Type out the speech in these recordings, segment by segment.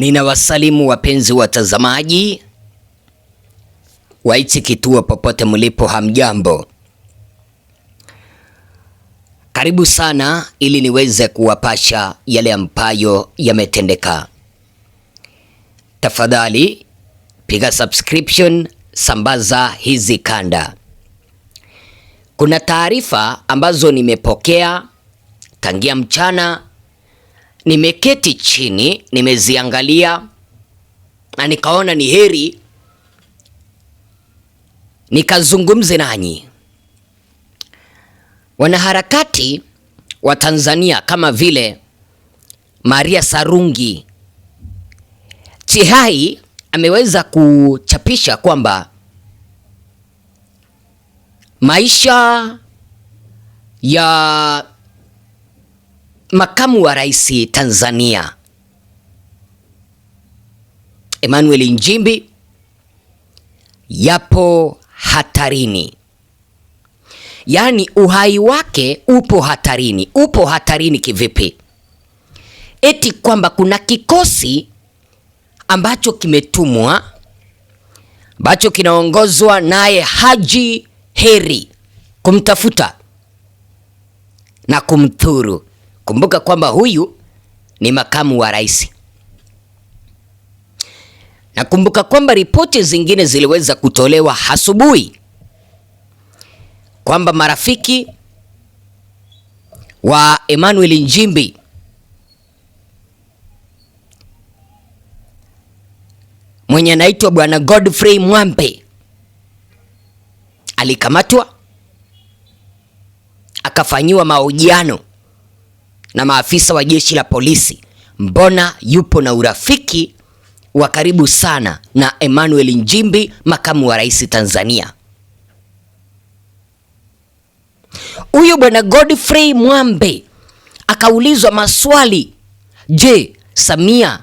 Ninawasalimu wapenzi watazamaji wa kituo popote mlipo, hamjambo? Karibu sana ili niweze kuwapasha yale ambayo yametendeka. Tafadhali piga subscription, sambaza hizi kanda. Kuna taarifa ambazo nimepokea tangia mchana Nimeketi chini nimeziangalia na nikaona ni heri nikazungumze nanyi. Wanaharakati wa Tanzania kama vile Maria Sarungi Chihai ameweza kuchapisha kwamba maisha ya Makamu wa Rais Tanzania Emmanuel Nchimbi yapo hatarini, yaani uhai wake upo hatarini. Upo hatarini kivipi? Eti kwamba kuna kikosi ambacho kimetumwa ambacho kinaongozwa naye Haji Heri kumtafuta na kumthuru Kumbuka kwamba huyu ni makamu wa rais. Nakumbuka kwamba ripoti zingine ziliweza kutolewa asubuhi kwamba marafiki wa Emmanuel Nchimbi mwenye anaitwa bwana Godfrey Mwampe alikamatwa akafanyiwa mahojiano na maafisa wa jeshi la polisi, mbona yupo na urafiki wa karibu sana na Emmanuel Nchimbi, makamu wa rais Tanzania? Huyu bwana Godfrey Mwambe akaulizwa maswali, je, Samia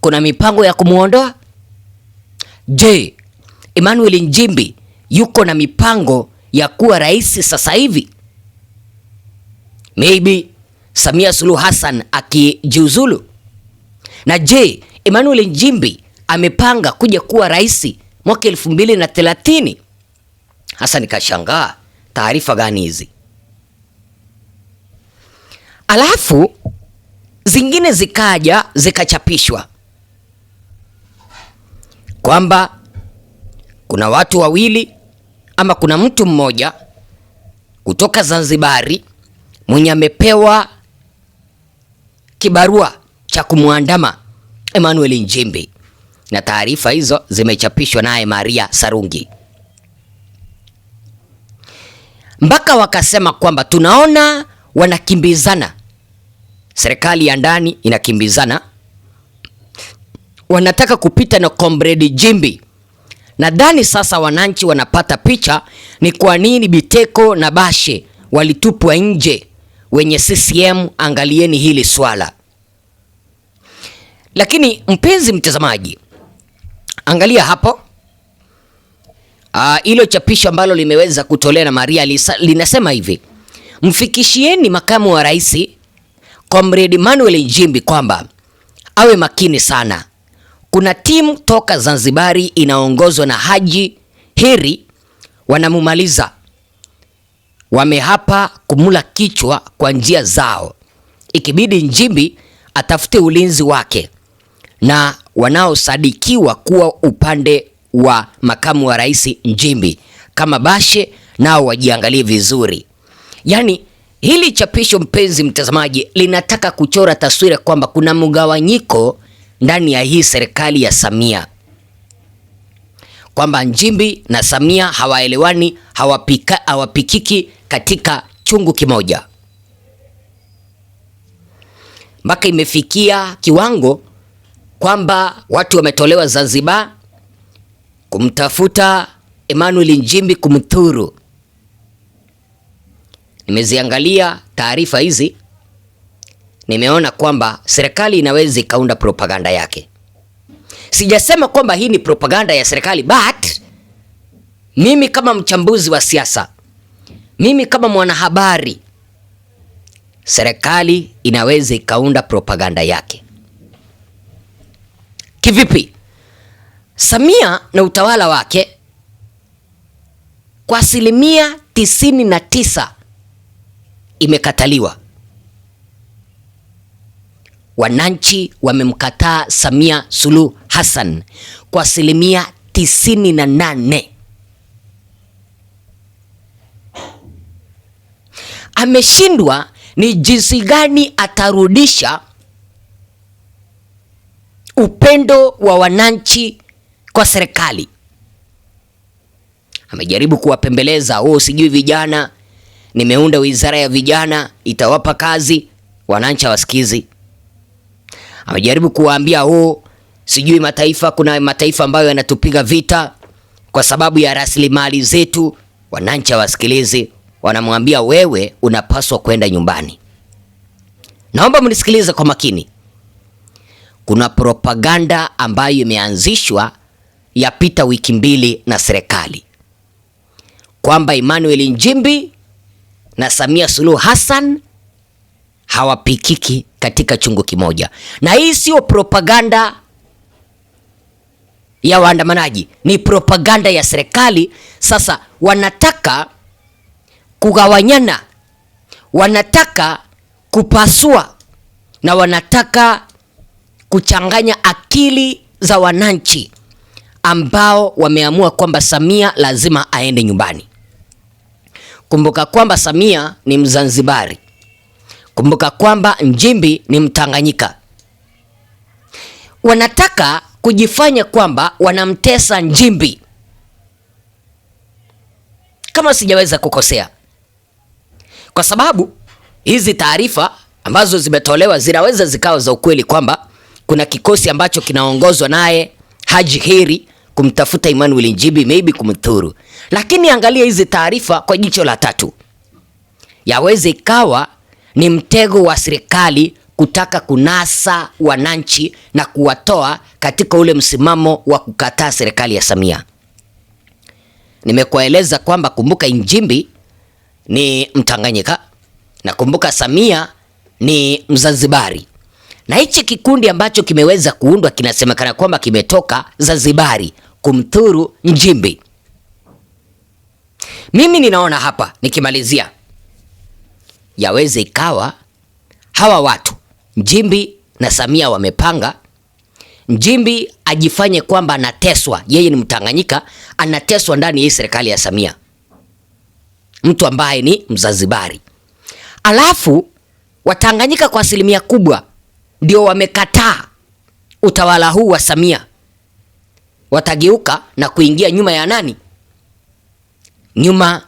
kuna mipango ya kumwondoa? Je, Emmanuel Nchimbi yuko na mipango ya kuwa rais sasa hivi? Maybe Samia Suluhu Hassan akijiuzulu? Na je, Emmanuel Nchimbi amepanga kuja kuwa rais mwaka elfu mbili na thelathini? Hasa nikashangaa taarifa gani hizi? Alafu zingine zikaja zikachapishwa kwamba kuna watu wawili ama kuna mtu mmoja kutoka Zanzibari mwenye amepewa kibarua cha kumwandama Emmanuel Nchimbi, na taarifa hizo zimechapishwa naye Maria Sarungi, mpaka wakasema kwamba tunaona wanakimbizana, serikali ya ndani inakimbizana, wanataka kupita na Comrade Jimbi. Nadhani sasa wananchi wanapata picha ni kwa nini Biteko na Bashe walitupwa nje wenye CCM, angalieni hili swala. Lakini mpenzi mtazamaji, angalia hapo ah, hilo uh, chapisho ambalo limeweza kutolea na Maria Lisa, linasema hivi: mfikishieni makamu wa rais Comrade Manuel Nchimbi kwamba awe makini sana. Kuna timu toka Zanzibari inaongozwa na Haji Heri wanamumaliza wamehapa kumula kichwa kwa njia zao. Ikibidi njimbi atafute ulinzi wake na wanaosadikiwa kuwa upande wa makamu wa rais njimbi kama Bashe nao wajiangalie vizuri. Yaani hili chapisho, mpenzi mtazamaji, linataka kuchora taswira kwamba kuna mgawanyiko ndani ya hii serikali ya Samia kwamba Njimbi na Samia hawaelewani, hawapika, hawapikiki katika chungu kimoja, mpaka imefikia kiwango kwamba watu wametolewa Zanzibar kumtafuta Emmanuel Njimbi kumthuru. Nimeziangalia taarifa hizi, nimeona kwamba serikali inaweza ikaunda propaganda yake. Sijasema kwamba hii ni propaganda ya serikali, but mimi kama mchambuzi wa siasa, mimi kama mwanahabari, serikali inaweza ikaunda propaganda yake kivipi? Samia na utawala wake kwa asilimia tisini na tisa imekataliwa. Wananchi wamemkataa Samia Suluhu Hassan kwa asilimia tisini na nane. Ameshindwa ni jinsi gani atarudisha upendo wa wananchi kwa serikali. Amejaribu kuwapembeleza, oh, sijui vijana, nimeunda wizara ya vijana itawapa kazi, wananchi hawasikizi. Amejaribu kuwaambia oh, sijui mataifa, kuna mataifa ambayo yanatupiga vita kwa sababu ya rasilimali zetu. Wananchi hawasikilizi, wanamwambia wewe unapaswa kwenda nyumbani. Naomba mnisikilize kwa makini. Kuna propaganda ambayo imeanzishwa yapita wiki mbili na serikali kwamba Emmanuel Nchimbi na Samia Suluhu Hassan hawapikiki katika chungu kimoja, na hii sio propaganda ya waandamanaji ni propaganda ya serikali. Sasa wanataka kugawanyana, wanataka kupasua na wanataka kuchanganya akili za wananchi ambao wameamua kwamba Samia lazima aende nyumbani. Kumbuka kwamba Samia ni Mzanzibari. Kumbuka kwamba Njimbi ni Mtanganyika. Wanataka kujifanya kwamba wanamtesa Njimbi, kama sijaweza kukosea, kwa sababu hizi taarifa ambazo zimetolewa zinaweza zikawa za ukweli kwamba kuna kikosi ambacho kinaongozwa naye Haji Heri kumtafuta Emmanuel Njibi maybe kumthuru, lakini angalia hizi taarifa kwa jicho la tatu, yaweze ikawa ni mtego wa serikali kutaka kunasa wananchi na kuwatoa katika ule msimamo wa kukataa serikali ya Samia. Nimekueleza kwamba kumbuka, Injimbi ni Mtanganyika na kumbuka, Samia ni Mzanzibari, na hichi kikundi ambacho kimeweza kuundwa kinasemekana kwamba kimetoka Zanzibari kumthuru Njimbi. Mimi ninaona hapa, nikimalizia, yaweze ikawa hawa watu Mjimbi na Samia wamepanga. Mjimbi ajifanye kwamba anateswa, yeye ni Mtanganyika, anateswa ndani ya hii serikali ya Samia, mtu ambaye ni Mzanzibari. Alafu Watanganyika kwa asilimia kubwa ndio wamekataa utawala huu wa Samia, watageuka na kuingia nyuma ya nani? Nyuma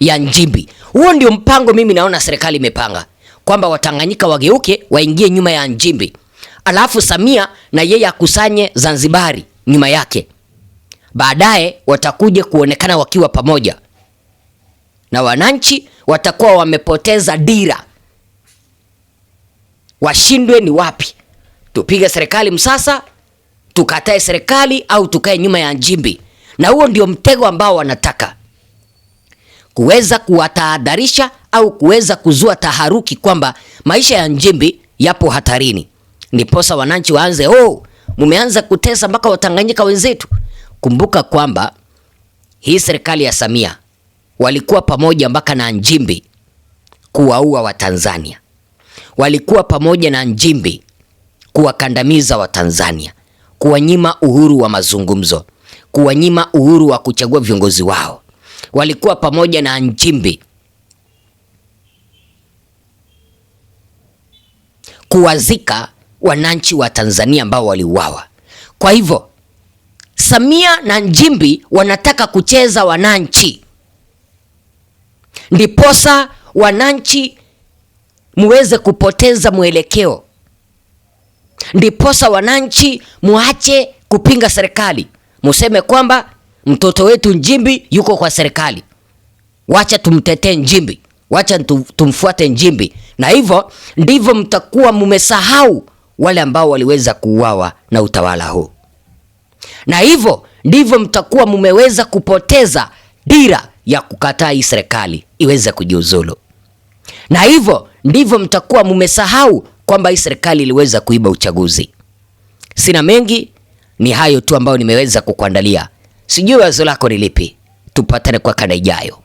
ya Njimbi. Huo ndio mpango mimi naona serikali imepanga kwamba Watanganyika wageuke waingie nyuma ya njimbi alafu Samia na yeye akusanye Zanzibari nyuma yake, baadaye watakuja kuonekana wakiwa pamoja na wananchi watakuwa wamepoteza dira, washindwe ni wapi, tupige serikali msasa, tukatae serikali au tukae nyuma ya njimbi Na huo ndio mtego ambao wanataka kuweza kuwatahadharisha au kuweza kuzua taharuki kwamba maisha ya Njimbi yapo hatarini, ndiposa wananchi waanze oh, mumeanza kutesa mpaka Watanganyika wenzetu. Kumbuka kwamba hii serikali ya Samia walikuwa pamoja mpaka na Njimbi kuwaua Watanzania, walikuwa pamoja na Njimbi kuwakandamiza Watanzania, kuwanyima uhuru wa mazungumzo, kuwanyima uhuru wa kuchagua viongozi wao walikuwa pamoja na Nchimbi kuwazika wananchi wa Tanzania ambao waliuawa. Kwa hivyo Samia na Nchimbi wanataka kucheza wananchi, ndiposa wananchi muweze kupoteza mwelekeo, ndiposa wananchi muache kupinga serikali, museme kwamba Mtoto wetu Njimbi yuko kwa serikali, wacha tumtetee Njimbi, wacha tumfuate Njimbi. Na hivyo ndivyo mtakuwa mmesahau wale ambao waliweza kuuawa na utawala huu, na hivyo ndivyo mtakuwa mmeweza kupoteza dira ya kukataa hii serikali iweze kujiuzulu, na hivyo ndivyo mtakuwa mmesahau kwamba hii serikali iliweza kuiba uchaguzi. Sina mengi, ni hayo tu ambayo nimeweza kukuandalia. Sijui wazo lako ni lipi, tupatane kwa kana ijayo.